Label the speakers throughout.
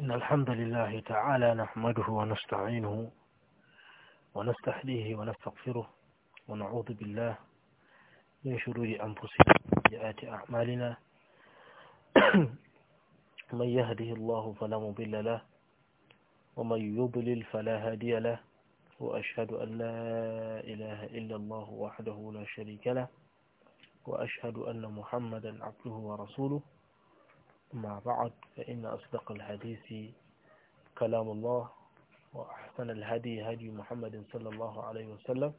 Speaker 1: إن الحمد لله تعالى نحمده ونستعينه ونستحليه ونستغفره ونعوذ بالله من شرور أنفسنا وسيئات أعمالنا من يهده الله فلا مضل له ومن يضلل فلا هادي له وأشهد أن لا إله إلا الله وحده لا شريك له وأشهد أن محمدا عبده ورسوله مع بعض فإن أصدق الحديث كلام الله وأحسن الهدي هدي محمد صلى الله عليه وسلم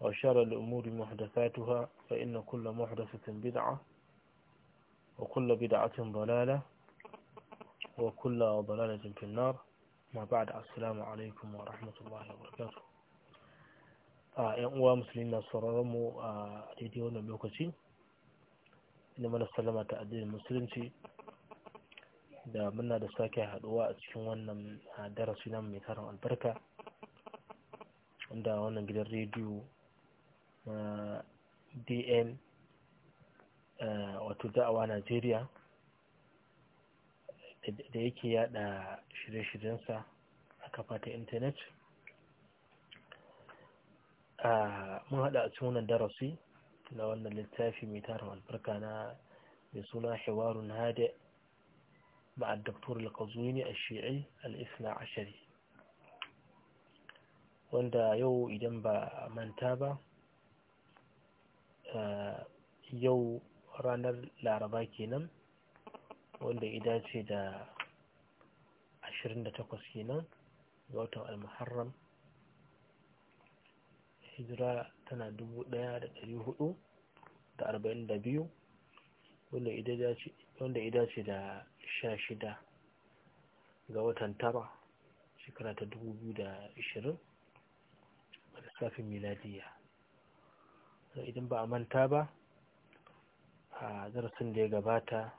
Speaker 1: وشر الأمور محدثاتها فإن كل محدثة بدعة وكل بدعة ضلالة وكل ضلالة في النار ما بعد السلام عليكم ورحمة الله وبركاته ‘yan uwa musulmi na sauraron ina mana sallama ta addinin musulunci da muna da sake haduwa a cikin wannan darasi na mai tarin albarka wanda wannan gidan rediyo na dn wato da'awa najeriya da yake yada shirye-shiryensa a kafa ta intanet mun hada a cikin wannan darasi na wannan littafi mai tarin albarka na mai suna hewarun hada مع الدكتور a shi'ai al'isna ashari wanda yau idan ba manta ba yau ranar laraba kenan wanda ida ce da 28 kenan ga watan al-muharram hijira tana dubu ɗaya da ɗari hudu da arba'in da biyu wanda ya ce da sha shida ga watan tara shekara ta dubu biyu da ishirin, a lissafin miladiya idan ba a manta ba a darasin da ya gabata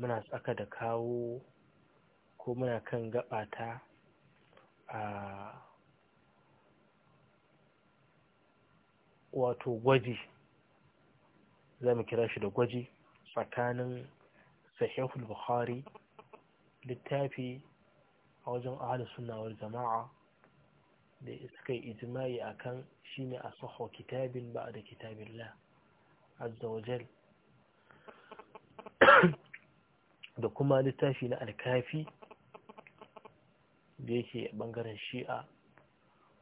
Speaker 1: muna tsaka da kawo ko muna kan gabata a wato gwaji za mu kira shi da gwaji tsakanin sahihul bukhari littafi a wajen suna sunna jama'a da suka yi ijimai a kan shi ne a saho kitabin ba da kitabin la azawajal da kuma littafi na alkafi da yake bangaren shi'a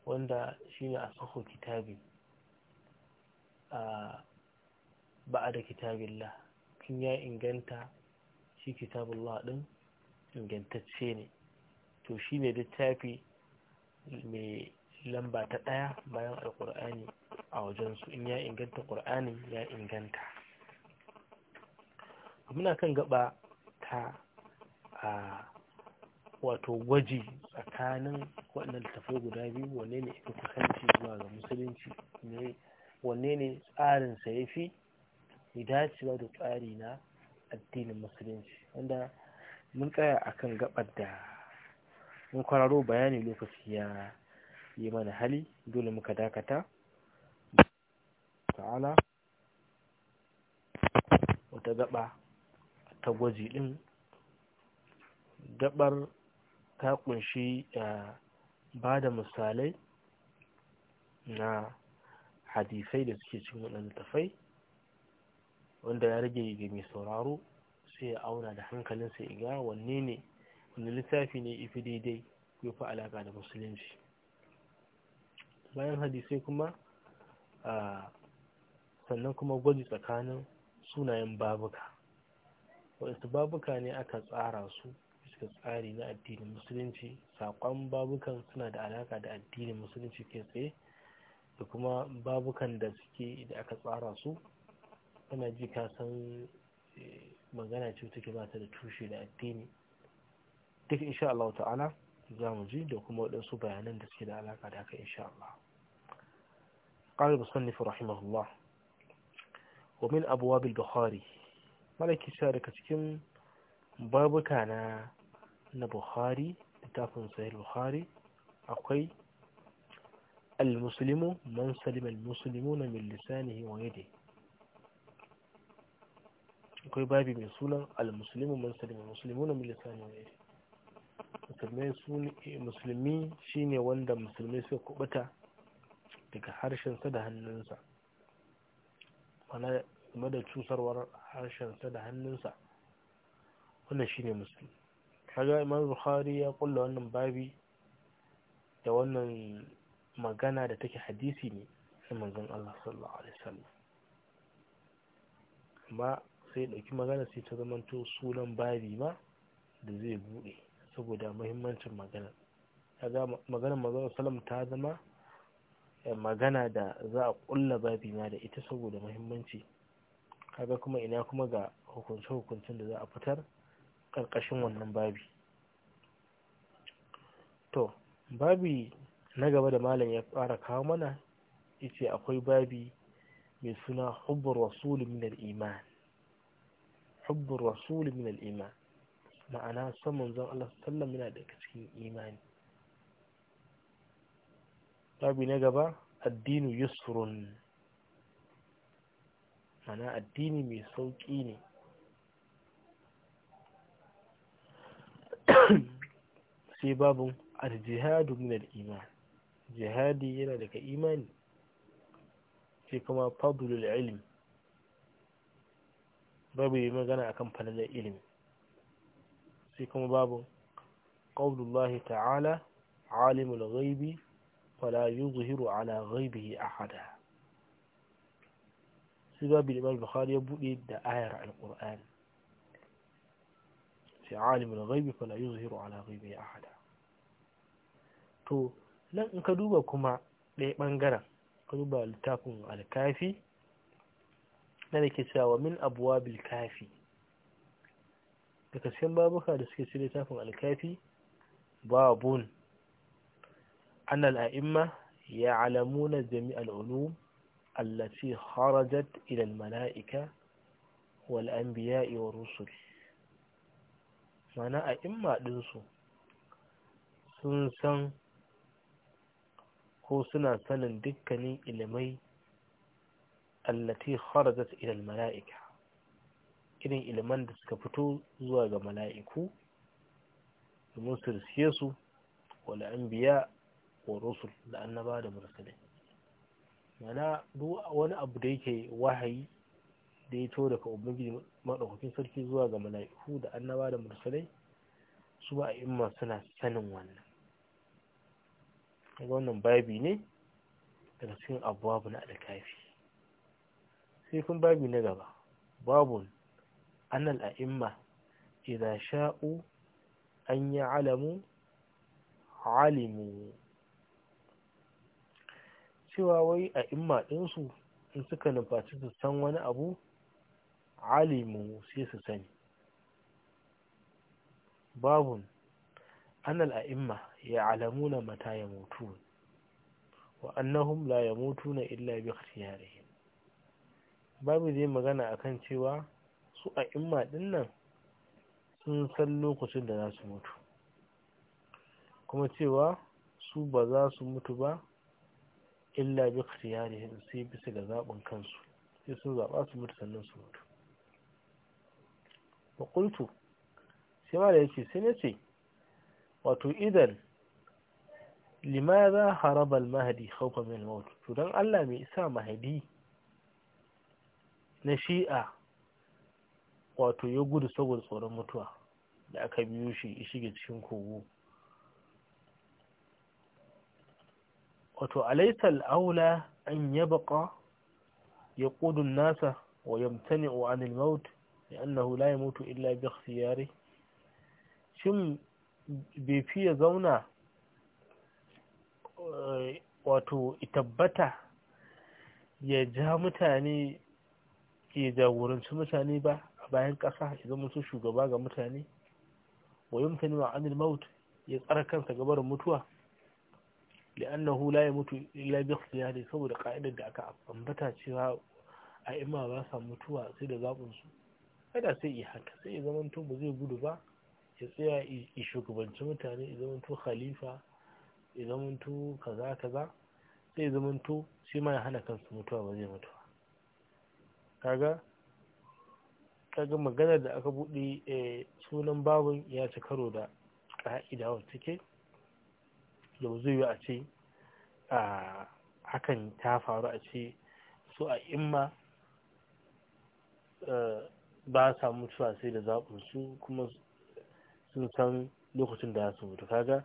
Speaker 1: wanda shi ne a saho kitabin ba'a da kitabillah in ya inganta shi kitabullah din ingantacce ne to shi ne littafi mai lamba ta daya bayan alƙur'ani a wajensu in ya inganta ƙur'anin ya inganta muna kan gaba ta a wato gwaji tsakanin waɗannan tafi guda biyu wane ne ita kusanci zuwa ga musulunci ne wanne ne tsarinsa ya fi ba da tsari na addinin musulunci wanda mun tsaya a kan gabar da mun kwararo bayani lokaci ya yi mana hali dole muka dakata ta'ala wata gaba ta gwaji din gabar ta kunshi eh, ba da misalai na hadisai da suke cikin waɗannan tafai wanda ya rage ga mai sauraro sai ya auna da hankalinsa ya ga wanne ne wani littafi ne ifi daidai ya fi alaka da musulunci bayan hadisai kuma sannan kuma gwaji tsakanin sunayen babuka wasu babuka ne aka tsara su suka tsari na addinin musulunci saƙon babukan suna da alaka da addinin musulunci ke tsaye da kuma babukan da suke da aka tsara su ana ji ka san eh, magana ce take ba ta da tushe da addini duk insha Allah ta'ala za mu ji da kuma waɗansu bayanan da suke da alaƙa da haka insha Allah قال المصنف رحمه الله ومن أبواب البخاري ملك شارك cikin babuka na na Bukhari littafin sahih Bukhari akwai المسلم من سلم المسلمون من لسانه ويده akwai babi mai sunan al-muslimu man salima muslimuna min lisani wa musulmai su musulmi shine wanda musulmai suka kubuta daga harshensa da hannunsa mana game da cusarwar harshensa da hannunsa wanda shine musulmi kaga imam bukhari ya kulla wannan babi da wannan magana da take hadisi ne na manzon Allah sallallahu alaihi wasallam amma sai ɗauki magana sai ta to sunan babi ma da zai buɗe saboda muhimmancin magana kaga maganar manzon sallam ta zama eh, magana da za a ƙulla babi ma da ita saboda muhimmanci kaga kuma ina kuma ga hukunce hukuncin da za a fitar ƙarƙashin wannan babi to babi na gaba da malam ya fara kawo mana yace akwai babi mai suna hubbar rasul min al-iman hubbur rasul min al-iman ma'ana saman manzon Allah sallallahu yana da cikin imani babi na gaba addinu yusrun ma'ana addini mai sauƙi ne sai babu al-jihadu min al-iman jihadi yana daga imani sai kuma fadlul ilmi babu yi magana akan falalar ilimi sai kuma babu qaulullahi ta'ala alimul ghaibi fala yuzhiru ala ghaibihi ahada sai babu imam bukhari ya bude da ayar alqur'ani sai alimul ghaibi fala yuzhiru ala ghaibihi ahada to nan in ka duba kuma ɗaya ɓangaren ka duba littafin alkafi na da ke cewa min abuwa bilkafi daga cikin babuka da suke cire littafin alkafi babun an al'a'imma ya alamuna jami'al ulum التي خرجت إلى الملائكة rusul والرسل a'imma ɗinsu sun san ko suna sanin dukkanin ilimai allati kharajat ila al-mala'ika irin iliman da suka fito zuwa ga mala'iku da su riske su wala anbiya wa rusul da annaba da mursalai mana duk wani abu da yake wahayi da ya to daga ubangiji madaukakin sarki zuwa ga mala'iku da annaba da mursalai su ba imma suna sanin wannan wannan babi ne daga cikin abuwa na alkafi sai kun babi na gaba babun annal a'imma idza sha'u an ya'lamu alimu cewa wai a'imma ɗinsu in suka nufaci su san wani abu alimu sai su sani babun annal a'imma Ya ya'lamuna mata ya yamutun wa annahum la na illa bi ikhtiyarihim babu zai magana akan cewa su a imma dinnan sun san lokacin da za su mutu kuma cewa su ba za su mutu ba illa bi ikhtiyarihim sai bisa ga zabin kansu sai sun zaba su mutu sannan su mutu wa qultu sai ma da yake sai na ce wato idan limaza harabal mahadi khawfa min maut to dan Allah mai isa mahadi na shi'a wato ya gudu saboda tsoron mutuwa da aka biyo shi shige cikin kogo wato alaysa aula an yabqa ya an-nasa wa yamtani'u 'anil maut hula لا illa bi khiyari shin bai fiye zauna Eh, wato tabbata ya ja mutane ke jagoranci mutane ba a bayan ƙasa ya zama shugaba ga mutane wa yi mutane wa anil maut ya tsara kansa gabar mutuwa li'annahu la mutu illa bi ikhtiyari saboda ka'idar da aka ambata cewa a ima ba sa mutuwa sai da zaɓin kada sai yi haka sai ya zama to ba zai gudu ba ya tsaya ya shugabanci mutane ya zama to khalifa ya zamanto kaza kaza sai zama zamanto shi ma ya hana kansu mutuwa ba zai mutuwa kaga kaga maganar da aka buɗe eh, sunan babin ya ci karo da ka'ida wa cike da ba zai a ce a hakan ta faru a ce su a imma eh, ba sa mutuwa sai da zaɓinsu kuma sun san lokacin da su mutu kaga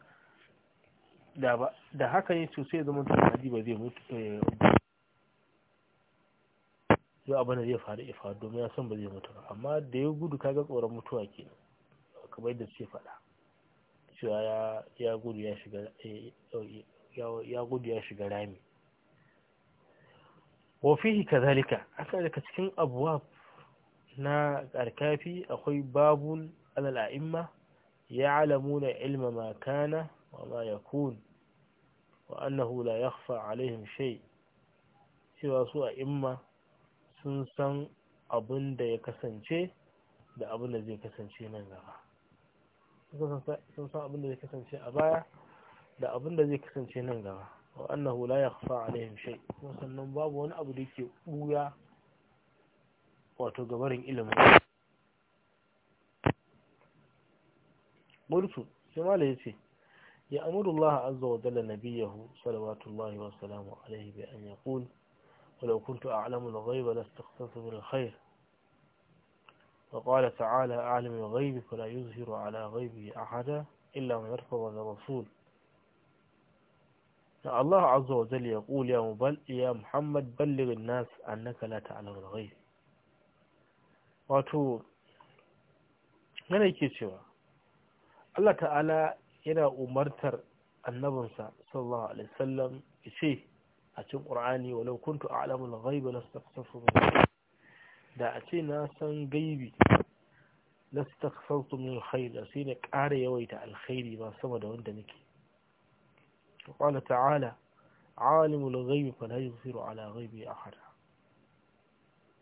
Speaker 1: da ba da haka ne to sai zama tunadi ba zai mutu yau eh, abin da zai faru ya faru domin ya san ba zai mutu ba amma da ya gudu kaga tsoron mutuwa ke kamar da ce faɗa cewa ya gudu ya shiga eh, ya gudu ya shiga rami wafihi kazalika aka daga cikin abuwa na karkafi akwai babun alal'a'imma ya na ilma makana وما يكون وأنه لا يخفى عليهم شيء cewa سوء a imma sun san abin da ya kasance دا يكسن شيء من سنسن أبن دا يكسن شيء أبايا a baya da abin da zai kasance nan gaba wa annahu la yakhfa alaihim shay sannan babu wani abu da yake buya wato gabarin ilimin murtu sai ya ce. يأمر الله عز وجل نبيه صلوات الله وسلامه عليه بأن يقول ولو كنت أعلم الغيب لاستخصصت من الخير وقال تعالى أعلم الغيب فلا يظهر على غيبه أحدا إلا من يرفض الرسول الله عز وجل يقول يا, مبل يا محمد بلغ الناس أنك لا تعلم الغيب واتو من yake cewa Allah ta'ala yana umartar annabinsa sallallahu alaihi wasallam ya ce a cikin qur'ani walau kuntu a'lamu al-ghaiba lastaghfartu min da a ce na san gaibi lastaghfartu min khair da sai na ƙara yawaita alkhairi ba sama da wanda nake qala ta'ala عالم الغيب فلا يغفر ala ghaibi أحد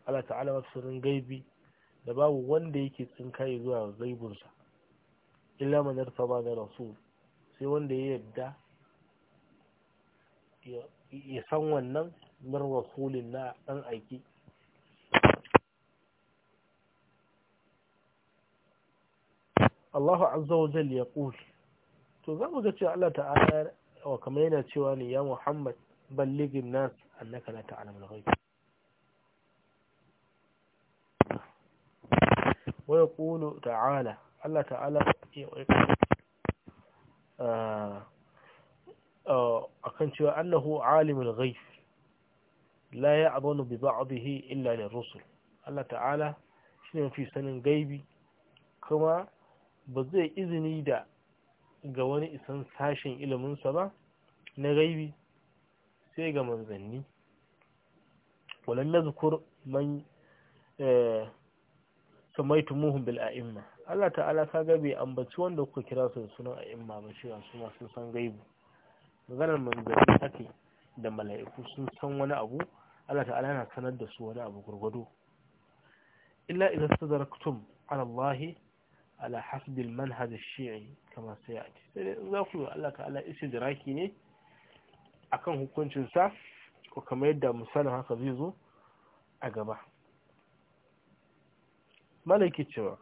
Speaker 1: Allah ta'ala masarin gaibi da babu wanda yake tsinkaye zuwa gaibunsa illa man irtaba da rasul sai wanda ya yadda ya san wannan min rasulin na ɗan aiki Allahu azza wa jalla ya kuli to za mu ga cewa Allah ta'ala wa kamar yana cewa ne ya Muhammad balligin nas annaka la ta'lamu al-ghaib wa yaqulu ta'ala Allah ta'ala suke a eh, eh, kan cewa annahu alimul ghaif la ya'dunu bi ba'dihi illa rusul Allah ta'ala shine mafi sanin gaibi kuma ba zai izini da ga wani isan sashen iliminsa ba na gaibi sai ga manzanni walan yazkur man eh, samaitumuhum bil a'imma Allah ta'ala kaga bai ambaci wanda kuka kira su da sunan a'imma ba cewa su ma sun san gaibu maganar manzanni ake da mala'iku sun san wani abu Allah ta'ala yana sanar da su wani abu gurgudu illa idza stadraktum ala Allah ala hasbi al-manhaj shii kama sayati sai za ku Allah ta'ala istidraki ne akan hukuncin sa ko kamar yadda misalin haka zai zo a gaba malaki cewa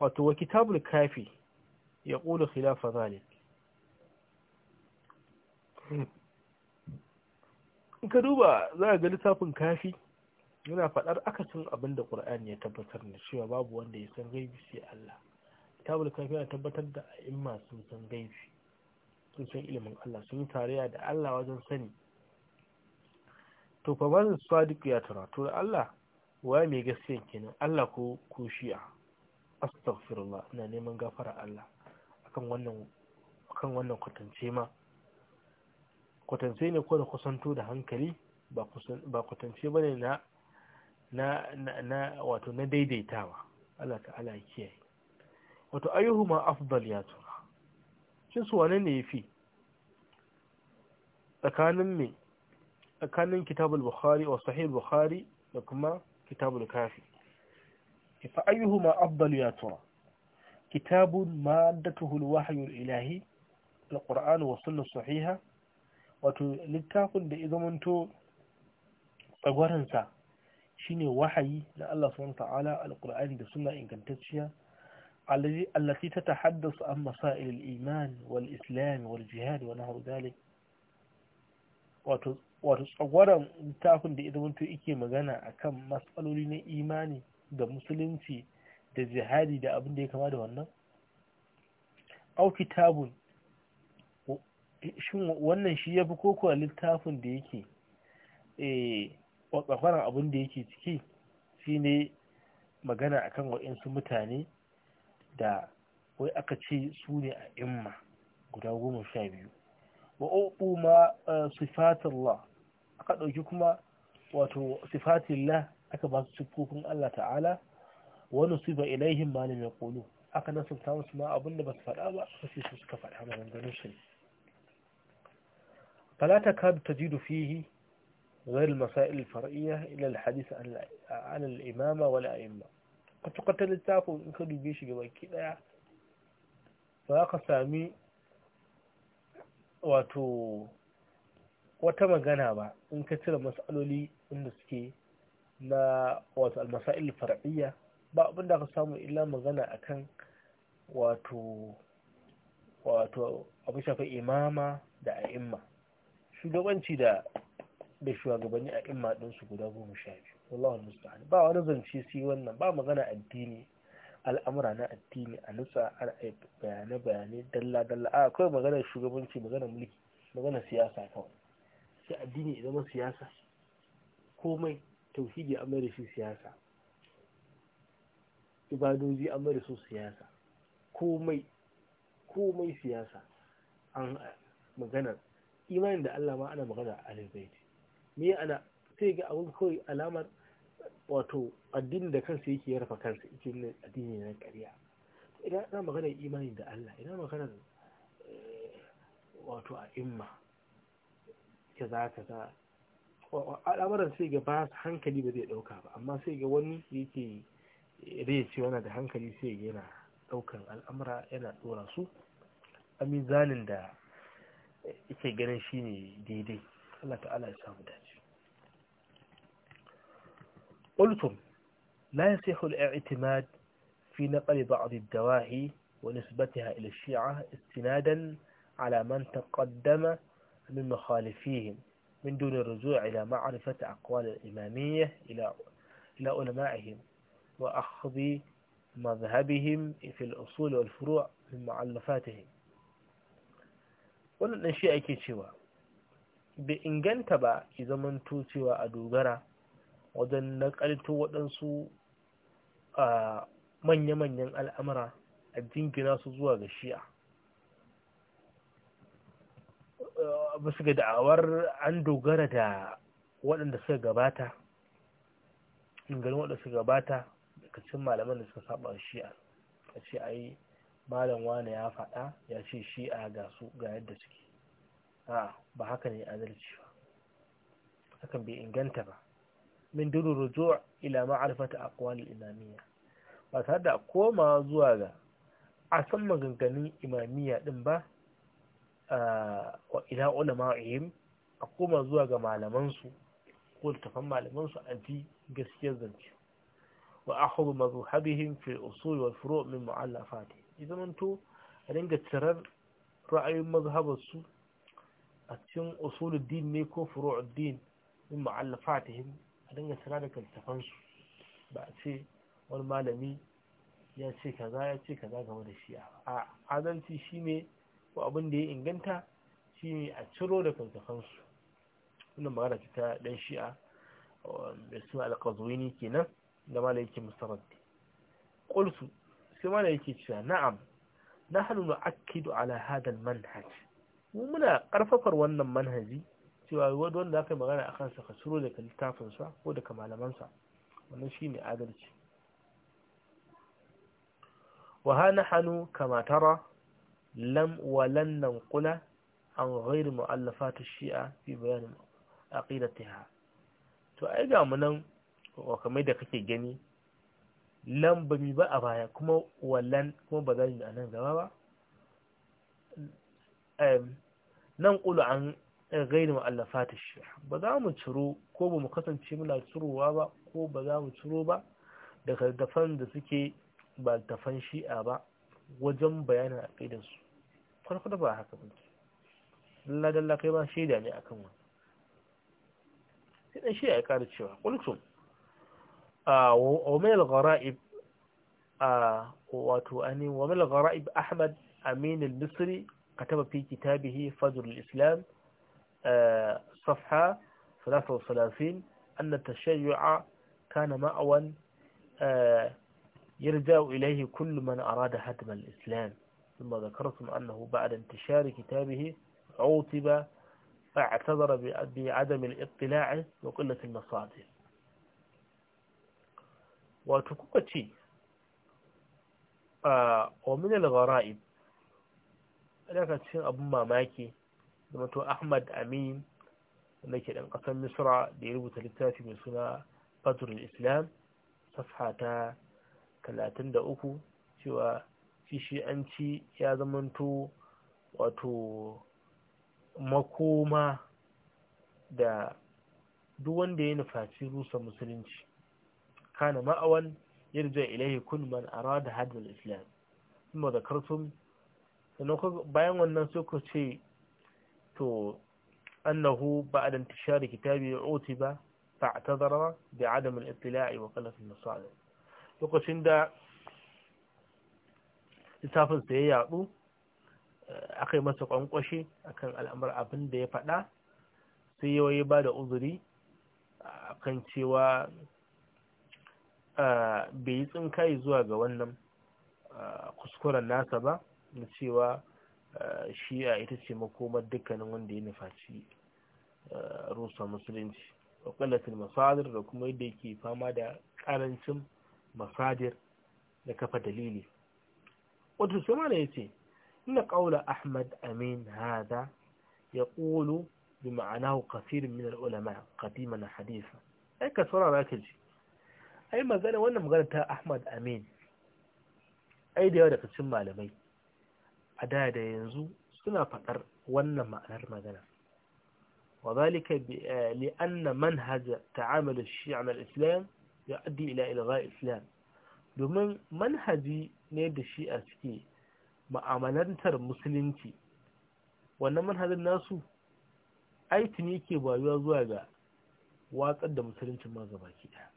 Speaker 1: wato wa kitabul kafi ya ƙulu khilafa zalik in ka duba za a ga littafin kafi yana faɗar akacin abinda da ƙur'ani ya tabbatar da cewa babu wanda ya san gaibi sai Allah kitabul kafi yana tabbatar da imma sun san gaibi sun san ilimin Allah sun yi tarayya da Allah wajen sani to fa wannan sadiq ya tara to Allah wa mai gaskiya kenan Allah ko ko shi'a astaghfirullah ina neman gafara Allah akan wannan akan wannan kwatance ma kwatance ne ko da kusanto da hankali ba kwatance ba ne na na wato na daidaitawa Allah ta'ala ya kiyaye wato ayyuhuma afdal ya tura shin su wane ne yafi tsakanin me tsakanin kitabul bukhari wa sahih bukhari da kuma kitabul kafi fa ayyuhuma afdalu ya tura kitabun maddatuhu alwahyu ilahi alqur'anu wa sunnah sahiha wato littafin da ya tsagwaransa shine wahayi na Allah subhanahu ta'ala alqur'ani da suna ingantacciya allati ta tahaddasu an masail al-iman wal islam wal jihad wa nahwu wato wato tsagwaran littafin da ya zamanto yake magana akan matsaloli na imani da musulunci da jihadi da abin da ya kama da wannan au kitabun wannan shi ya fi koko littafin da yake eh, tsakwaran abin da yake ciki shi ne magana akan waɗansu mutane da wai aka ce su ne a imma guda goma sha biyu wa uku ma eh, sifatillah aka ɗauki kuma wato sifatillah aka ba su siffofin Allah ta'ala wani su ba ilaihim ma lam yaqulu aka nasanta musu ma abin da ba su faɗa ba sai su suka faɗa maganganun su fala takadu tajidu fihi غير المسائل الفرعية إلى الحديث عن الإمامة ولا أئمة قد تقتل التافو إن كدو بيش جبا كده فأقا سامي واتو wata magana ba in ka cire matsaloli inda suke na wato almasa'il far'iyya ba abin da aka samu illa magana akan wato wato abu shafi imama da a'imma shugabanci da da shugabanni a'imma din su guda goma sha biyu wallahu musta'an ba wani zance shi wannan ba magana addini al'amura na addini a nutsa ana bayanai bayanai dalla dalla a akwai magana shugabanci magana mulki magana siyasa kawai sai addini idan siyasa komai tauhidi an mai da siyasa ibadoji a mai su siyasa komai komai siyasa an maganar imanin da Allah ma ana magana a alibaiti me ana sai ga abin kawai alamar wato addini da kansa yake ya rafa kansa cikin addini na ƙarya idan ana magana imanin da Allah idan magana eh, wato a imma kaza za al'amuran sai ga ba hankali ba zai dauka ba amma sai ga wani yake rai ce wani da hankali sai ga yana daukan al'amura yana tsora su a mizanin da yake ganin shi ne daidai Allah ta'ala ya samu dace ultum la yasihu al-i'timad fi naql ba'd ad-dawahi wa nisbatiha ila ash-shi'ah istinadan ala man taqaddama min mukhalifihim من دون الرجوع إلى معرفة أقوال الإمامية إلى إلى علمائهم وأخذ مذهبهم في الأصول والفروع من معلفاتهم wannan shi ake cewa bai inganta ba ki zamanto cewa a dogara wajen nakalto waɗansu manya-manyan al'amura a jingina su zuwa ga shi'a bisa ga da'awar an dogara da waɗanda suka gabata waɗanda suka gabata daga cikin malaman da suka saba shi'a a ce ai malam wane ya faɗa ya ce shi'a ga su ga yadda suke a ba haka ne adalci ba hakan bai inganta ba min duru rujo ila ma'arifata a al-imamiyya ba tare da koma zuwa ga a san maganganun imamiyya din ba wa ila ihim a koma zuwa ga malamansu ko tafan malamansu a ji gaskiyar zance wa akhudhu mazhabihim fi usul wal furu' min mu'allafati idan mun a dinga cirar ra'ayin su a cikin usuluddin ne ko furu'uddin min mu'allafatihim a dinga cirar da kaltafansu ba a ce wani malami ya ce kaza ya ce kaza game da shi'a a adalci shine ko abin da ya inganta shi ne a ciro da kansu wannan magana ce ta dan shi'a da su alƙazuwini kenan da mala yake musamman ƙulsu sai mala yake cewa na'am na na nu'akkidu ala alahadar manhaj mu muna ƙarfafar wannan manhaji cewa wanda aka yi magana a kansa ka ciro daga littafinsa ko da malaman wannan wannan shine adalci wa hana hanu kama tara lam walan nan kula an ghairu mu'allafatu shi'a fi bayanin aqidatiha to ai ga mu nan kamar da kake gani lam ba mi ba a baya kuma wallan kuma ba za mu a nan gaba ba nan kula an gairu mu'allafatu shi'a ba za mu ciro ko ba mu kasance muna cirowa ba ko ba za mu ciro ba daga dafan da suke ba dafan shi'a ba wajen bayanin aƙidansu kwanakwada ba haka ba dalla dalla kai ba shaida ne akan wani sai dan shaida ya ƙara cewa kultum a wamil ghara'ib a wato ani wamil ghara'ib ahmad amin al-misri kataba fi kitabihi fadl al-islam صفحة 33 أن التشيع كان مأوى يلجأ إليه كل من أراد هدم الإسلام ثم ذكرتم أنه بعد انتشار كتابه عوتب اعتذر بعدم الاطلاع وقلة المصادر وتكوكتي آه، ومن الغرائب لك تشين أبو ماماكي لما أحمد أمين لك الانقسم مصر ليربو تلتاتي من سنة قدر الإسلام صفحة talatin da uku cewa ci ya zamanto wato makoma da duk wanda ya nufaci rusa musulunci kana ma'awan yarja ilahi kun man da hadal islam kuma da karfin sannan bayan wannan suka ce to annahu ba'da intishari kitabi ya ba utiba fa'tadara bi'adam al-ittila'i wa qallat an-nasalih lokacin da littafinsa ya yadu eh, aka yi masa a akan al'amar abin da ya faɗa sai yawa ya ba da uzuri akan cewa eh, bai yi tsinkayi zuwa ga wannan eh, kuskuren nasa ba na cewa shi a ita ce makomar dukkanin wanda ya nufaci rusa musulunci wakalatin masadar da kuma yadda yake fama da karancin مصادر لكفى دليلي وتسمعنا يتي إن قول أحمد أمين هذا يقول بمعناه كثير من العلماء قديما حديثا أي كثيرا راكجي أي ما زالة وأنا مغالتها أحمد أمين أي ديارة تسمى لبي أداة ينزو سنة فقر وأنا مأهر مغالة وذلك لأن منهج تعامل الشيعة مع الإسلام ya addi ila ilga islam domin manhaji ne da shi a suke ma'amalantar musulunci wannan manhajin nasu aitini yake bayuwa zuwa ga watsar da musuluncin ma gaba ki ɗaya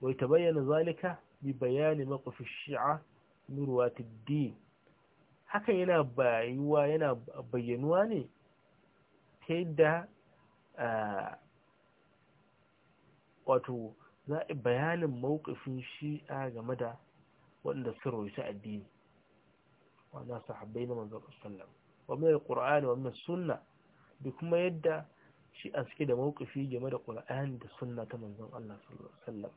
Speaker 1: wai ta bayyana zalika bi bayani maƙafi shi'a nurwa tiddi hakan yana bayuwa yana bayyanuwa ne ta yadda wato za a bayanin mawukafin shi'a game da waɗanda su roci addini wanda haɓe na manzan sallam wa da alqur'ani wa suna sunna da kuma yadda shi'a suke da mawukafi game da qur'ani da suna ta manzan Allah sallallahu alaihi wasallam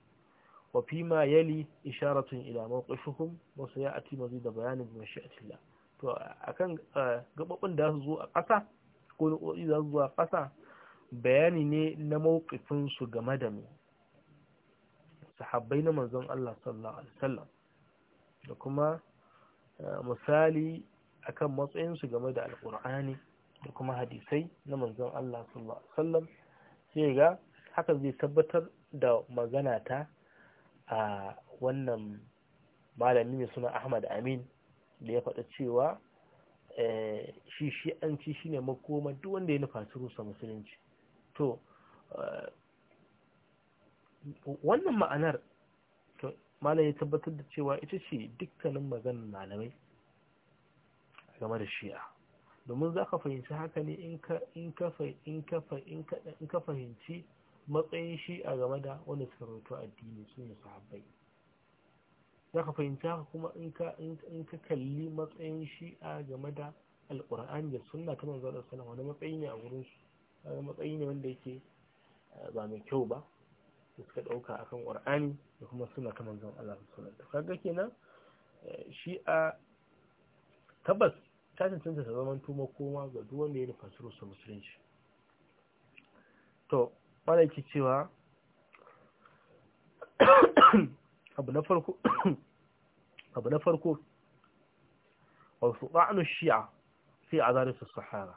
Speaker 1: wa fi ma yali isharatun ila mawqifihim wa sayati da bayanin a mashi'atillah to a kan gababin da su zo a ƙasa ko da za su zo a ƙasa bayani ne na mawqifin su game da mu sahabbai na manzon Allah sallallahu alaihi wasallam da kuma eh, misali akan su game da alkur'ani da kuma hadisai na manzon Allah sallallahu alaihi wasallam sai ga haka zai tabbatar da magana ta a wannan malami mai suna Ahmad Amin da ya faɗa cewa eh, shi shi an ci shine makoma duk wanda ya nufa rusa musulunci to eh, wannan ma'anar malam ya tabbatar da cewa ita ce dukkanin maganar malamai game da shi'a domin za ka fahimci haka ne in ka fahimci matsayin shi'a game da wani sarautu addini su ne sahabbai za ka fahimci haka kuma in ka kalli matsayin shi'a game da alkur'ani da suna ta manzo da wani matsayi ne a wani matsayi ne wanda yake eh, ba mai kyau ba da suka ɗauka akan ƙur'ani da kuma suna ta manzon Allah sallallahu alaihi kaga kenan eh, shi a tabbas ta cancanta ta zama tuma koma ga duk wanda ya nufa su musulunci to mana cewa abu na farko abu na farko wasu ba'anu shi'a sai a zarar su sahara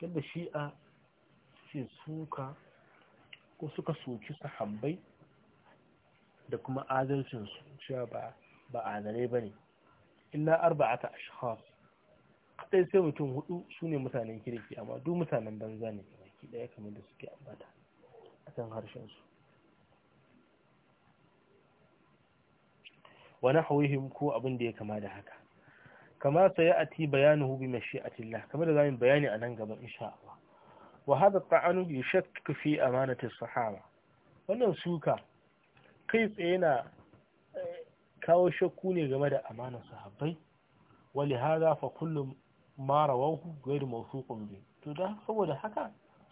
Speaker 1: yadda shi'a shi suka ko suka soki sahabbai da kuma adalcinsu cewa ba ba zare ba ne illa arba'ata ashkhas kadai sai mutum hudu su ne mutanen kirki amma duk mutanen banza ne baki daya kamar da suke ambata a kan harshensu wani hauhim ko abin da ya kama da haka kama sai ya ati bayanuhu bi mashi'atillah kamar da zamu bayani a nan gaba insha Allah wa hada ta'anu yushakku fi amanati sahaba wannan suka kai tsaye na eh, kawo shakku ne game da amanar sahabbai wali hada fa kullum ma rawahu ghairu mawthuqun bi to da saboda haka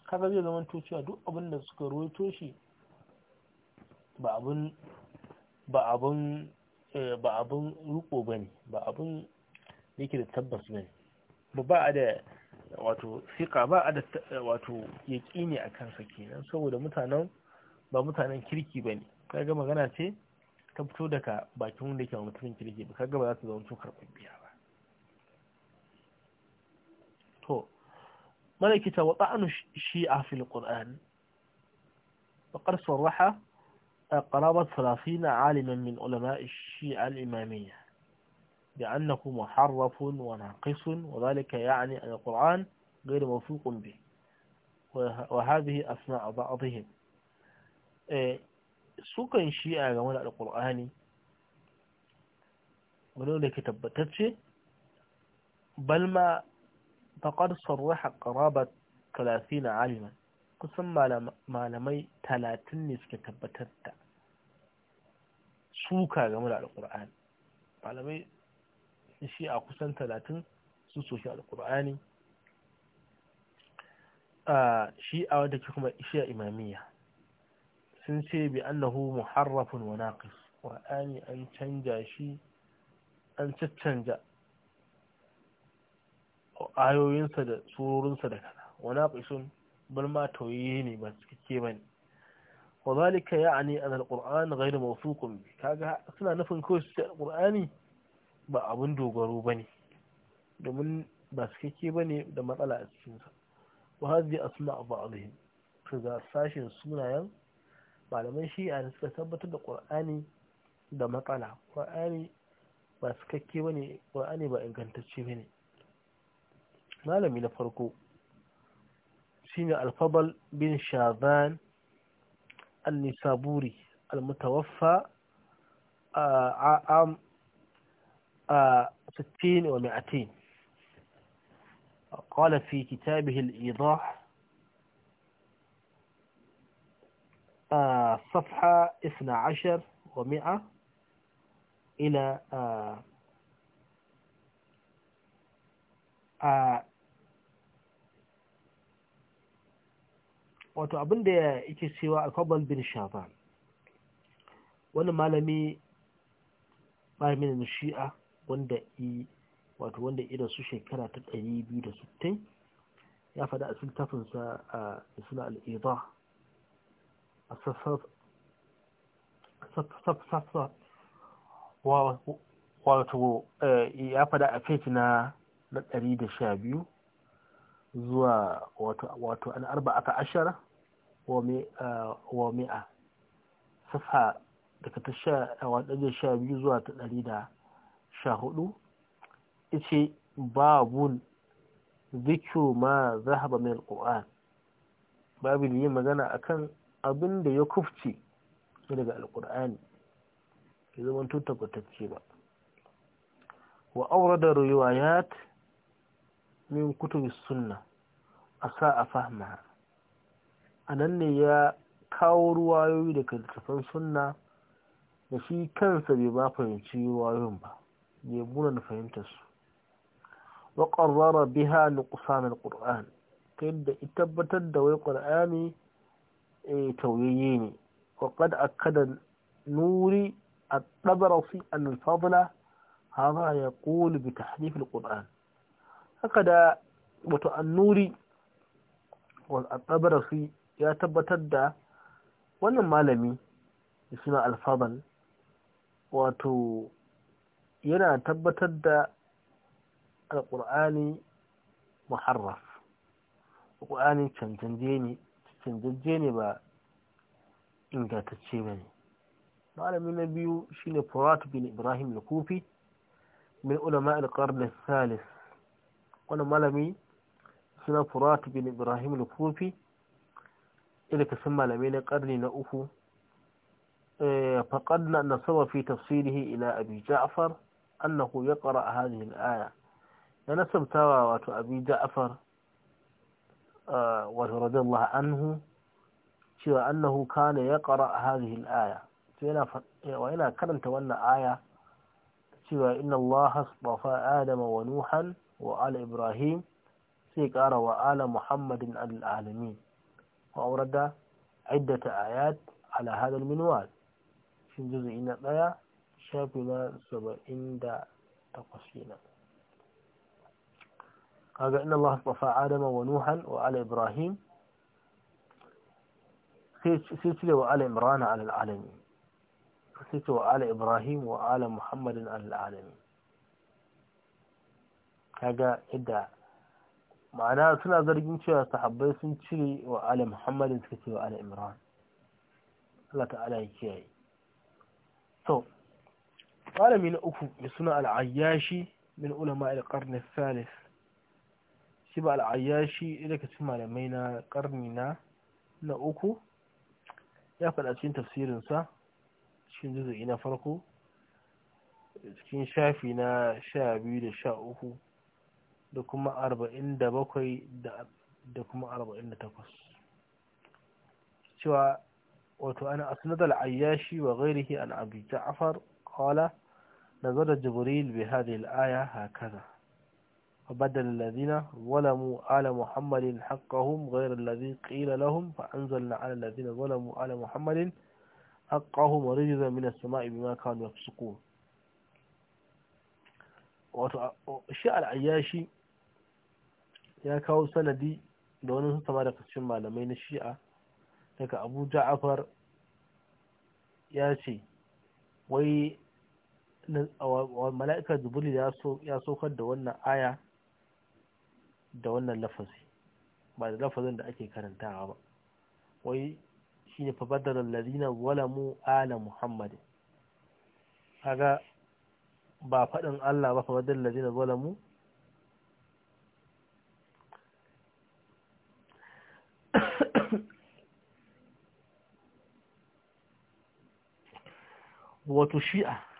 Speaker 1: kaza zai zama to cewa duk abin da suka ruwaito shi ba abun ba abun eh, ba abun ba abun da yake da tabbas bane ba ba da wato siƙa ba a da wato yaƙi ne a kansa kenan saboda mutanen ba mutanen kirki ba ne kaga magana ce ta fito daga bakin wanda ke mutumin kirki ba kaga ba za ta zama karɓar biya ba to malakita wa ta'anu a fil qur'an a صرح قرابة na عالما min ulama shi al'imamiyya بأنه محرف وناقص وذلك يعني أن القرآن غير موثوق به وهذه أسماء بعضهم إيه، سوكا شيئا جمال القرآن ولو لك تبتتش بل ما فقد صرح قرابة ثلاثين عالما قسم ما, لم... ما لمي ثلاثين نسك تبتت سوكا على القرآن ما لمي shi a kusan talatin su soki alkur'ani a shi a wadda ke kuma shi a imamiyya sun ce bi annahu muharrafun wa naqis qur'ani an canja shi an caccanja ayoyinsa da surorinsa da kaza wa naqisun bal ma tauye ne ba cikakke bane wa zalika ya'ni an al-qur'an ghayr bi kaga suna nufin kawai shi ce al ba abin dogaro ba ne domin ba kake ba ne da matsala a cikinsa wa hazi Asuna a ba'adhim su ga sashen sunayen malaman shi'a da suka tabbatar da ƙwar'ani da matsala ƙwar'ani ba kake ba ne ƙwar'ani ba ingantacce ba ne malami na farko Shi ne alfabal bin shaban al nisaburi al-mutawaffa a ستين ومائتين قال في كتابه الإيضاح صفحة اثنى عشر ومائة إلى wato abin da yake cewa alfabal bin shaban wani malami malamin shi'a wanda i wato wanda idan su shekara ta 260 ya fada a littafinsa a suna a sassa wato eh, ya faɗa a feji na 112 zuwa wato an arba aka ashara wa mi'a daga ta sha biyu zuwa ɗari da sha hudu ice babun zikiru ma zahaba min alquran babin yin magana akan abin da ya kufce daga alqur'ani ya zama tabbatacce ba wa aurada riwayat min kutubi sunna a sa a nan ne ya kawo ruwayoyi daga littattafan sunna da shi kansa bai ba fahimci ruwayoyin ba يبون أن وقرر بها نقصان القرآن كيد اتبتت دو القرآن إيه، تويييني وقد أكد نوري الطبرسي أن الفضل هذا يقول بتحريف القرآن أكد وتو النوري والطبرسي يا تبتت دا wannan malami الفضل وتو yana tabbatar da alƙur'ani muharraf alƙur'ani canjanje ne ne ba ingantacce ba ne malami na biyu shine furat bin ibrahim al-kufi min ulama al-qarn al-thalith wannan malami suna furat bin ibrahim al-kufi ila kasan malamai na karni na uku eh, faqad nasaba fi tafsirihi ila abi ja'far أنه يقرأ هذه الآية ينسب تواوة أبي جعفر آه، رضي الله عنه شو أنه كان يقرأ هذه الآية وإلى كرم تولى آية شو إن الله اصطفى آدم ونوحا وآل إبراهيم سيكار وآل محمد العالمين وأورد عدة آيات على هذا المنوال في جزء إن الآية shafi na saba'in da takwas na kaga ina Allah tafa Adama wa Nuhan wa ala Ibrahim sai cire wa ala Imran ala alalami sai ce wa ala Ibrahim wa ala Muhammadin ala alalami kaga idda ma'ana suna zargin cewa sahabbai sun cire wa ala Muhammadin suka ce wa ala Imran Allah ta'ala ya kiyaye so malami na uku mai suna al'ayyashi min ulama al-qarni thalith shi ba al'ayyashi daga cikin malamai na karni na na uku ya faɗa cikin tafsirinsa cikin juzu'i na farko cikin shafi na sha biyu da sha uku da kuma arba'in da bakwai da kuma arba'in da takwas cewa wato ana asnadar ayyashi wa gairihi an abi ja'afar قال نزل جبريل بهذه الآية هكذا فبدل الذين ظلموا آل محمد حقهم غير الذي قيل لهم فأنزلنا على الذين ظلموا آل محمد حقهم ورجزا من السماء بما كانوا يفسقون shi al'ayyashi ya kawo sanadi da wani sutama da cikin malamai na shi'a daga abu ja'afar ya ce wai mala'ika jibril ya saukar da wannan aya da wannan lafazi ba da lafazin da ake karantawa ba wai shi ne fabadar lalazina walamu ala muhammadin kaga ba faɗin Allah ba fabadar lalazina walamu wato shi'a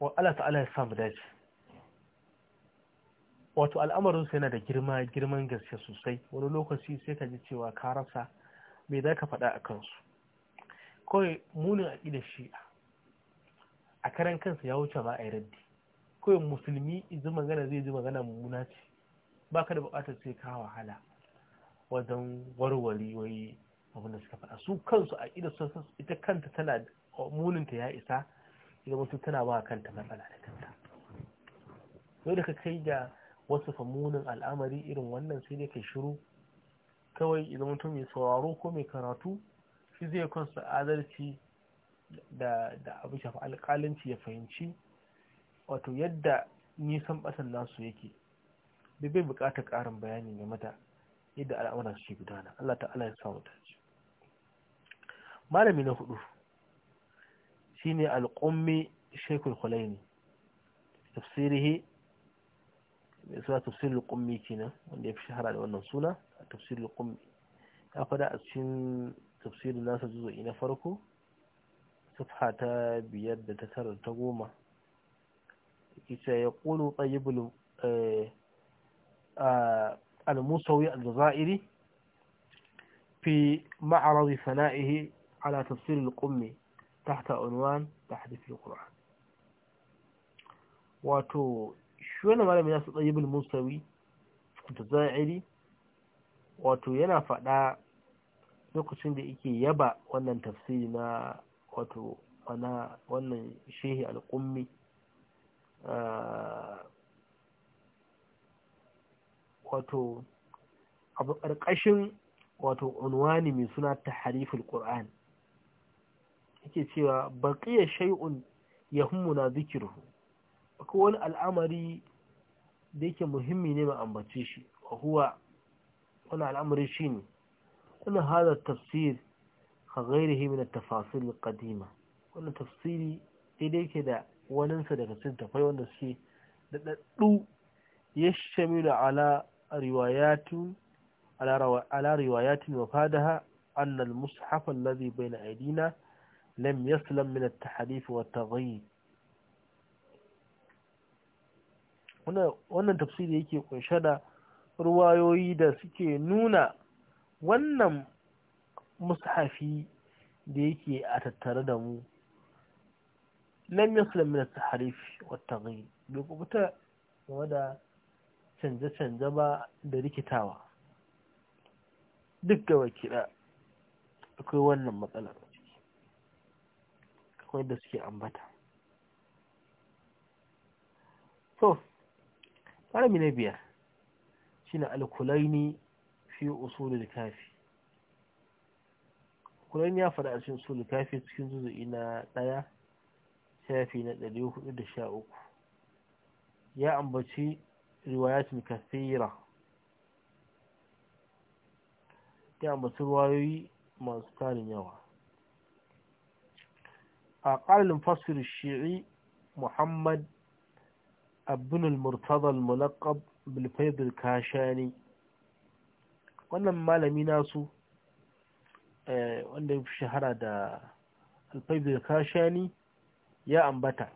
Speaker 1: wa Allah ta'ala ya samu daji wato al'amarin su yana da girma girman gaske sosai wani lokaci sai ka ji cewa ka rasa me za ka faɗa a kansu kawai munin aƙidar shi a karan kansa ya wuce ma a yi raddi kawai musulmi izu magana zai ji magana mummuna ce ba ka da buƙatar sai ka wahala wajen warware wai abin da suka faɗa su kansu a sosai ita kanta tana muninta ya isa ga wasu tana ba kanta matsala da kanta yau da ka kai ga wasu famunin al'amari irin wannan sai dai kai shiru kawai idan mutum mai sauraro ko mai karatu shi zai kansa adalci da abu shafi alƙalanci ya fahimci wato yadda nisan basan nasu yake da bai bukatar ƙarin bayani game da yadda al'amuran su gudana Allah ta'ala ya samu dace malami na hudu shine ne alƙummi shaykh al-khulaini tafsirihi mai suna tafsir al-qummi kenan wanda ya fi shahara da wannan suna tafsir al ya fada a cikin tafsirin nasa juzu'i na farko safha ta biyar da ta tara ta goma ita ya ƙulu tsayibul eh, al-musawi al-zazairi fi ma'arazi sana'ihi ala tafsir al tahta unwan tahdith alquran wato shi wannan malami nasu tsayibul musawi tazairi wato yana faɗa lokacin da yake yaba wannan tafsiri na wato wannan shehi al'ummi wato abu karkashin wato unwani mai suna ta harifin ƙur'ani yake cewa baqiya shay'un yahummuna dhikruhu ko wani al'amari da yake muhimmi ne ba ambace shi huwa wani al'amari shi ne. ina hada tafsir ka ghairihi min tafasil qadima wannan tafsiri daidai yake da waninsa daga cikin tafai wanda suke da daddu yashtamilu ala riwayatun wa fadaha وفادها أن المصحف الذي بين lam yaslam min at-tahrif wa at-taghyir wannan tafsiri yake kunshe da ruwayoyi da suke nuna wannan mushafi da yake a tattare da mu lam yaslam min at-tahrif wa at-taghyir bai kubuta game da canje-canje ba da rikitawa duk gaba kiɗa akwai wannan matsalar kamar yadda suke ambata so ƙarami na biyar shine alkulaini fi da kafi kulaini ya faɗa a cikin da kafi cikin zuzu'i na ɗaya shafi na ɗari hudu da sha uku ya ambaci riwayatin kasira ya ambaci ruwayoyi masu tarin yawa a ƙalin fasir shi'i muhammad abin al-murtada al kashani wannan malami nasu wanda ya fi shahara da alfaidul kashani ya ambata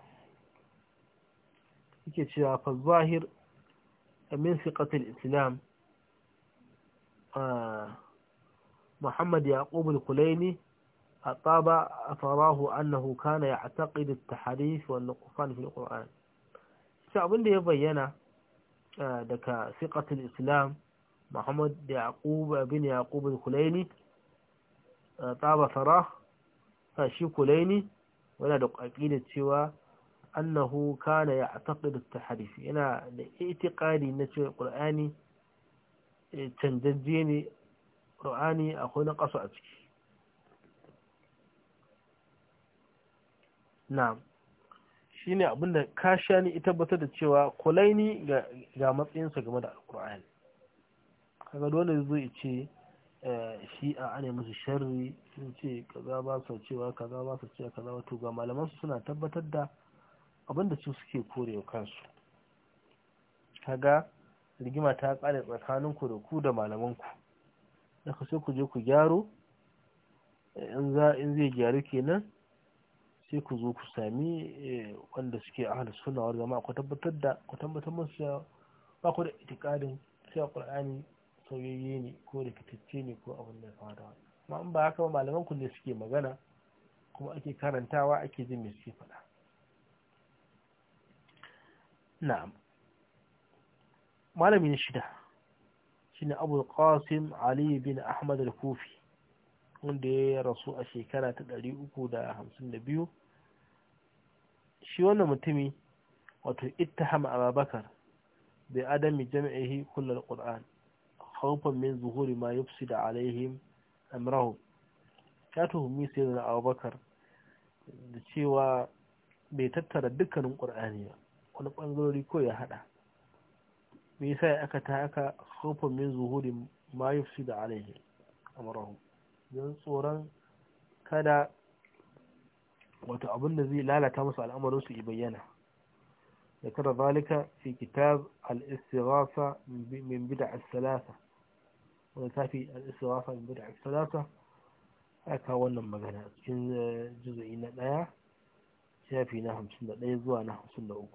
Speaker 1: yake cewa fa zahir min siqatul islam محمد يعقوب الكليني أطاب فراه أنه كان يعتقد التحريف والنقصان في القرآن شعبين دي يبينا دكا ثقة الإسلام محمد يعقوب بن يعقوب الكليني طاب فراه فشي كليني ولا دق أكيد سوى أنه كان يعتقد التحريف هنا اعتقادي أن القرآن تنججيني قرآني أخونا قصعتك na'am shine abinda kashani ita tabbatar da cewa kulaini ga ga matsayinsa game da alkur'an kaga dole zai ce eh, shi a ane musu sharri sun ce kaza ba su cewa kaza ba su cewa kaza wato ga malaman su suna tabbatar da abinda su suke korewa kansu kaga rigima ta kare tsakanin ku da ku da malaman ku daga sai ku je ku gyaro eh, in in zai gyaru kenan sai ku zo ku sami eh, wanda suke hannun suna zama zama ku tabbatar da ku tabbatar musu ba ku da itikadin sai a ƙulani sauyayye ne ko rikitacce ne ko abin da fara amma in ba haka ba malaman ku ne suke magana kuma ake karantawa ake jin me suke faɗa na'am malami na shida shine Abu Qasim Ali bin Ahmad al-Kufi wanda ya rasu a shekara ta ɗari uku da hamsin da biyu shi wannan mutumi wato ita ittahama ababakar bai adami jami'ai kullar qur'an khawfan min zuhuri ma da alaihim amrahu ya tuhumi sayyidina abubakar da cewa bai tattara dukkanin qur'ani ba wani bangarori ko ya hada me yasa aka ta haka khawfan min zuhuri ma da alaihim amrahu don tsoron kada wato abin da zai lalata musu al'amarin su bayyana da kada zalika fi kitab al-istighatha min bid'a as-salasa wanda tafi al-istighatha min bid'a as-salasa aka wannan magana cikin juz'i na daya shafi na 51 zuwa na 53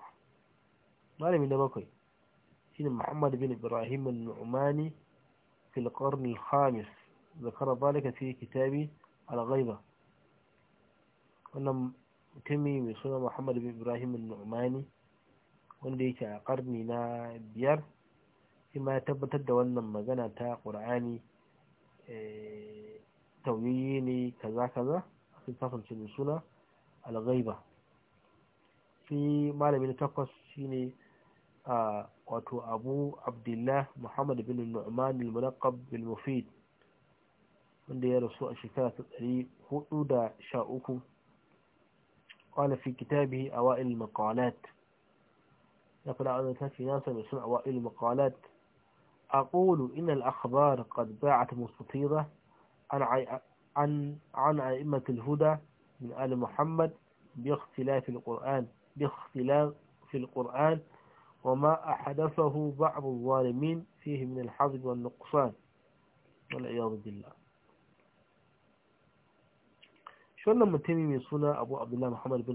Speaker 1: malami na bakwai shine Muhammad bin Ibrahim al-Nu'mani في القرن الخامس zakara zalika fi kitabi al-ghaiba wannan mutumi mai suna Muhammad bin Ibrahim al-Nu'mani wanda yake a karni na biyar shi ma ya tabbatar da wannan magana ta ƙur'ani tauyiyi ne kaza kaza a cikin kasance mai suna al-ghaiba shi malami na takwas shine wato Abu Abdullah Muhammad bin Nu'man al-Mulaqqab bil wanda ya rasu a shekara ta ɗari hudu da sha uku ƙwala kitabi a wa'il maqalat ya fada a fi nasa a wa'il أقول إن الأخبار قد باعت مستطيرة عن عن عن أئمة الهدى من آل محمد باختلاف القرآن باختلاف في القرآن وما أحدثه بعض الظالمين فيه من الحظ والنقصان والعياذ بالله shi wannan mutumi mai suna abu abdullahi muhammad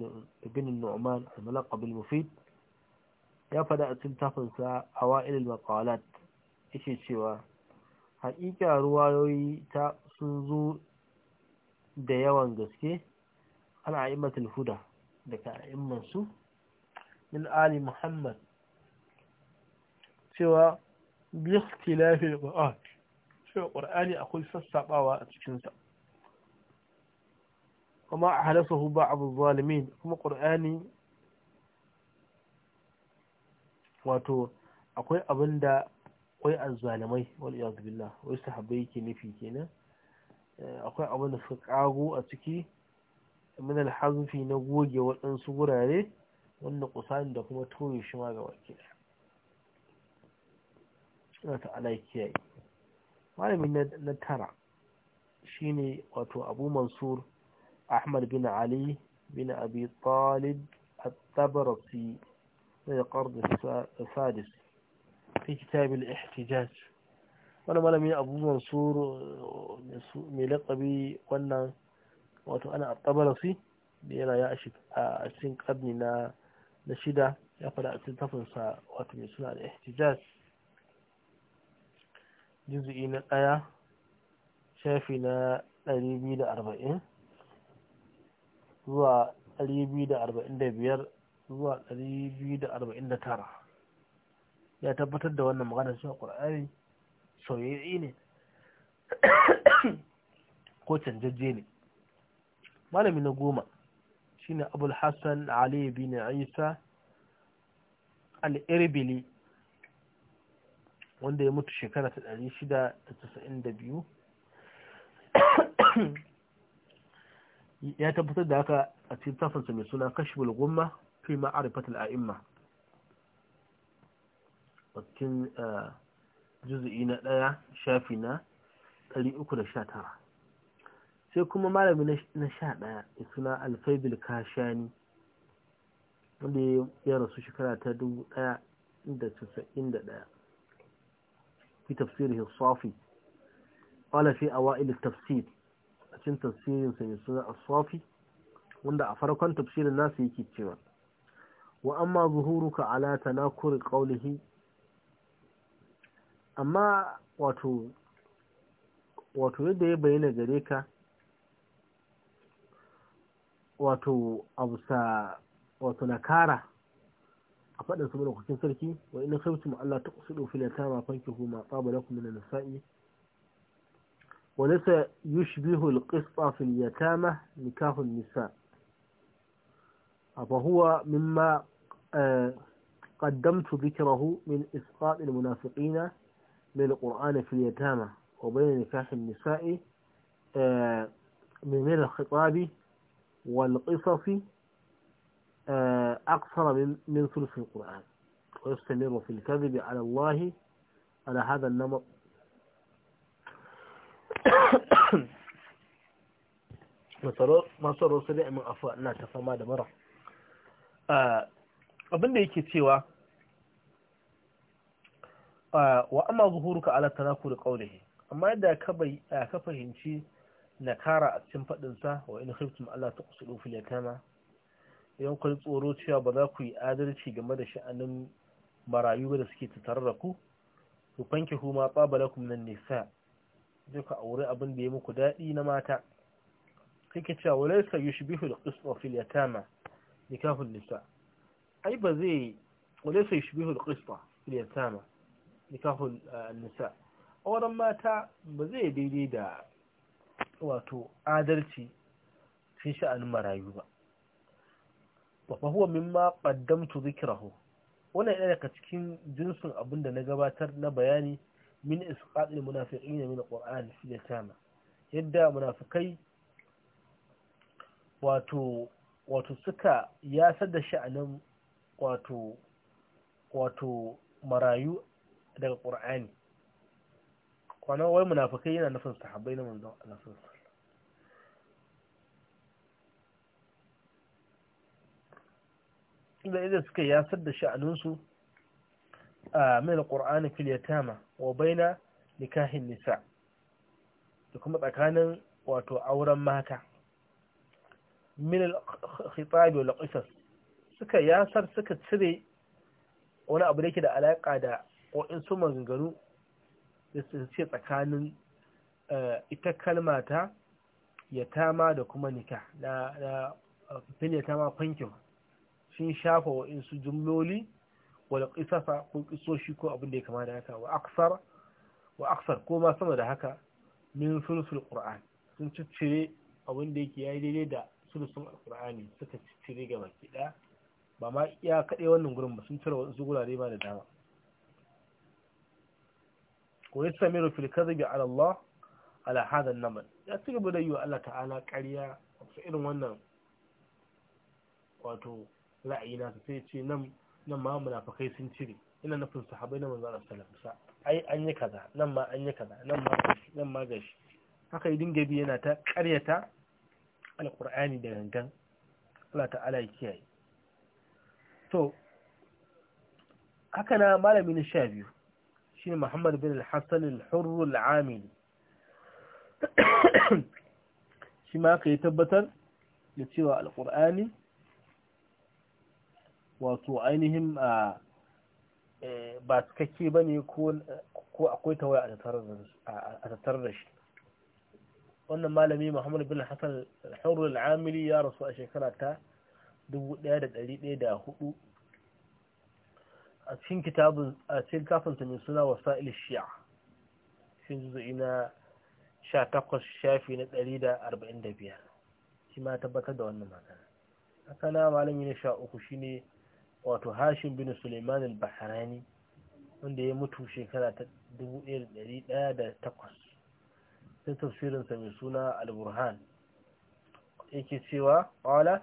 Speaker 1: bin nu'man al-malaqab al-mufid ya fada a cikin tafinsa awail al-maqalat yake cewa haƙiƙa ruwayoyi ta sun zo da yawan gaske ana a'immatul huda daga a'imman su min ali muhammad cewa bi ikhtilafi al-qur'an cewa qur'ani akwai sassabawa a cikin sa kuma a halasahu ba abu zalimin kuma ƙur'ani wato akwai abin da akwai azzalimai wal iyadu billah wai yake nufi kenan akwai abin da suka kago a ciki min alhazfi na goge wadansu wurare wanda kusan da kuma toye shi ma gaba ke ina ta ala kiyaye malami na tara shine wato abu mansur أحمد بن علي بن أبي طالب الطبرسي في القرن السادس في كتاب الاحتجاج وانا مالا من أبو منصور ملقبي وانا وقت أنا التبرسي بيلا يا أشف أسنك أبننا نشدة يا أتنتفن وقت وأتمسنا الاحتجاج جزئين الآية شافنا أربعين zuwa 245 zuwa 249 ya tabbatar da wannan magana cewa ƙwararri soyayi ne ko canjajje ne malami na goma shine abul hassan ali bin isa al'irbili wanda ya mutu shekara 692 ya tabbatar da haka a cikin tafsirinsa mai suna kashful gumma fi ma'arifatul a'imma cikin juz'i na ɗaya shafi na 319 sai kuma malami na 11 mai suna al alfaibil kashani wanda ya rasu shekara ta 1991 في تفسيره الصافي قال في أوائل التفسير cikin sa mai suna as-safi wanda a farkon tafsirin nasa yake cewa wa amma zuhuruka ala tanakuri qawlihi amma wato wato yadda ya bayyana gare ka wato abusa wato nakara a faɗin su mana sarki wa ina khiftum Allah ta fil yatama fankihu ma tsaba lakum min an-nisa'i وليس يشبه القصة في اليتامى نكاح النساء فهو مما آه، قدمت ذكره من إسقاط المنافقين من القرآن في اليتامى وبين نكاح النساء آه، من الخطاب والقصص آه، أقصر من من ثلث القرآن ويستمر في الكذب على الله على هذا النمط masu su da afuwa ina ta fama da mara ah, abinda yake cewa ah, wa amma zuhuruka ala tanaku da qawlihi amma yadda ka ah, fahimci kara a cikin wa ina wa in ta kusa tuqsidu ya yatama yan tsoro cewa ba za ku yi adalci game da sha'anin marayu da suke tattare da ku ku fanke huma qabalakum nan nisa Zai ku aure abin da ya muku daɗi na mata kake cewa walaysa yushbihu al-qisṭa al yatama al nisa ai ba zai walaysa yushbihu al-qisṭa al yatama al eh, nisa auren mata ba zai daidai da wato adalci cikin sha'anin marayu ba wa fa huwa mimma qaddamtu dhikrahu wannan yana daga cikin jinsin abin da na gabatar na bayani min isqatil munafiqin min alquran fi yatama yadda munafikai wato wato suka ya sada sha'anin wato wato marayu daga qur'ani kwanan wai munafikai yana nufin sahabbai na manzon Allah sallallahu alaihi wasallam suka yasar da sha'aninsu a ah, min alqur'ani fil yatama wa baina nikahin nisa da kuma tsakanin wato auren mata min al khitab wal qisas suka yasar suka cire wani abu da yake da alaka da wa'in su maganganu da su ce tsakanin eh, ita kalmata ya tama da kuma nika na fil ya tama fankin sun shafa wa'in su jumloli wal qisasa ko kisoshi ko abin da ya kama da haka wa aksar ko ma sama da haka min sulsul qur'an sun ciccire abin da yake yayi daidai da sulsun alqur'ani suka ciccire ga baki daya ba ma iya kaɗai wannan gurin ba sun cire wasu gurare ba da dama ko ya sami rufin kazabi ala Allah ala hadan naman ya ci gaba da yi wa Allah ta'ala ƙarya wasu irin wannan wato ra'ayi na sai ce nan nan ma munafikai sun cire ina nufin sahabbai na manzo Allah sallallahu alaihi ai an yi kaza nan ma an yi kaza nan ma nan ma gashi haka idin gabi yana ta karyata alqur'ani da gangan Allah ta'ala ya kiyaye to haka na malami na sha biyu shine Muhammad bin al-Hassan al-Hurr al-Amili shi ma ka yi tabbatar da cewa alqur'ani wato ainihin e, ba cikakke ba ne ko akwai tawaya a tattar da shi wannan malami muhammad bin hassan al amili ya rasu a shekara ta 1104 a cikin kitabun a cikin kafinta mai suna wasa'il shi'a cikin juzu'i na 18 shafi na 145 shi ma tabbatar da wannan magana a na malami na 13 shine wato hashim bin suleiman al-bahrani wanda ya mutu shekara ta 1108 sai tafsirinsa mai suna al-burhan yake cewa ala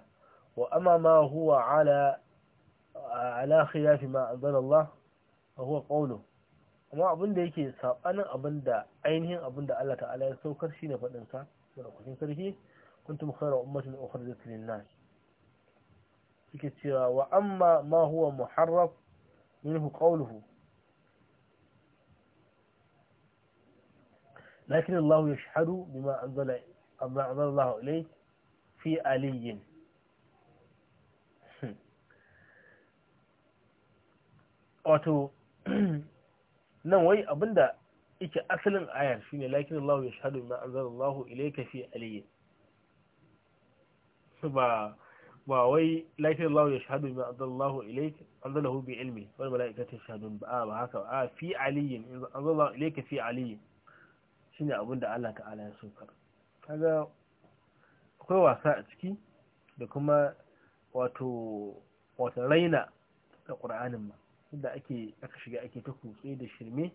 Speaker 1: wa amma ma huwa ala ala khilafi ma anzala Allah huwa qawlu amma abinda yake sabanin abinda ainihin abinda Allah ta'ala ya saukar shine fadin sa da kusin sarki kuntum khayra ummatin ukhrijat lin-nas suke cewa wa amma ma huwa muharraf minhu qawluhu lakin Allah yashhadu bima anzala amma anzala Allah ilayk fi aliyin hmm. wato nan wai abinda yake asalin ayar shine lakin Allah yashhadu bima anzala Allah ilayka fi aliyin ba ba wai laifin Allah ya shahadu bi adallahu ilayka anzalahu bi ilmi wal malaikatu yashhadun ba ba haka a fi aliyin in anzalahu ilayka fi aliyin shine abin da Allah ta'ala ya ka kaga akwai wasa a ciki da kuma wato wato raina da Qur'anin ma inda ake aka shiga ake ta kutse da shirme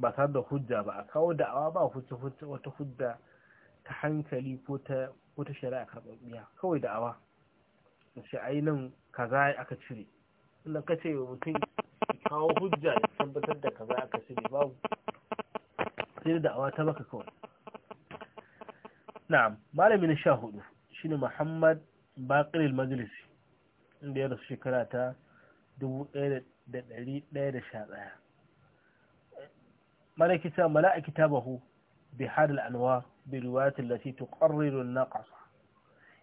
Speaker 1: ba tare da hujja ba a kawo da'awa ba hujja wata hujja ta hankali ko ta ko ta shari'a karɓaɓɓiya kawai awa. ce ai nan kaza aka cire inda ka ce wa mutum kawo hujja ya tabbatar da kaza aka cire babu sai da awa ta baka kawai na'am malami na sha hudu shine muhammad bakir al-majlisi inda ya rasu shekara ta 1111 malaki ta mala'iki tabahu bi hadal anwa bi riwayatin lati tuqarriru an-naqasa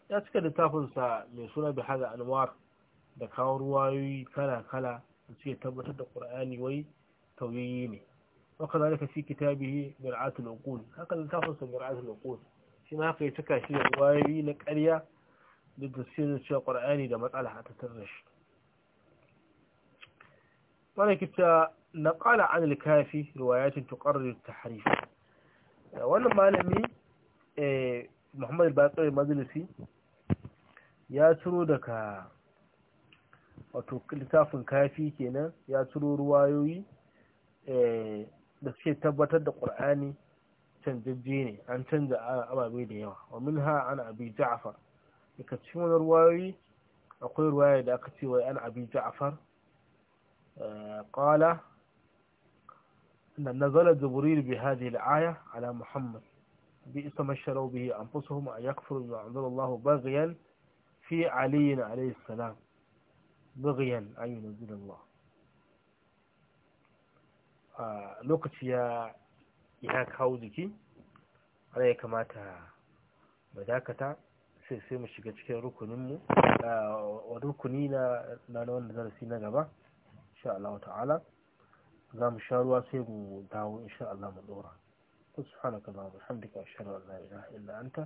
Speaker 1: ya cika littafinsa mai suna bi haza anwar da kawo ruwayoyi kala-kala da suke tabbatar da ƙur'ani wai tauyiyi ne waka zalika fi kitabihi mir'atul uqul haka littafinsa mir'atul uqul shi ma haka ya cika shi da ruwayoyi na ƙarya duk da sirrin cewa ƙur'ani da matsala a tattar da shi wani kita نقال عن الكافي روايات ta التحريف wannan malami eh, Muhammad Bakir Majlisi ya ciro daga wato littafin kafi kenan ya ciro ruwayoyi eh da suke tabbatar da qur'ani canjajje ne an canja ababe da yawa wa minha ha an abi ja'far daga cikin ruwayoyi akwai ruwaya da aka ce wai an abi ja'far qala na nazala jibril bi hadhihi al-aya ala muhammad bi isma sharaw bihi anfusuhum ay bi anzala allah baghyan fi aliyin alaihissalam bugyan an yi nazirin a lokaci ya ya kawo jiki ana ya kamata mu dakata sai sai mu shiga cikin rukuninmu wa na na wanda darasi na gaba insha Allah ta'ala za mu sha ruwa sai mu dawo insha Allah mu dora subhanaka allahumma hamdika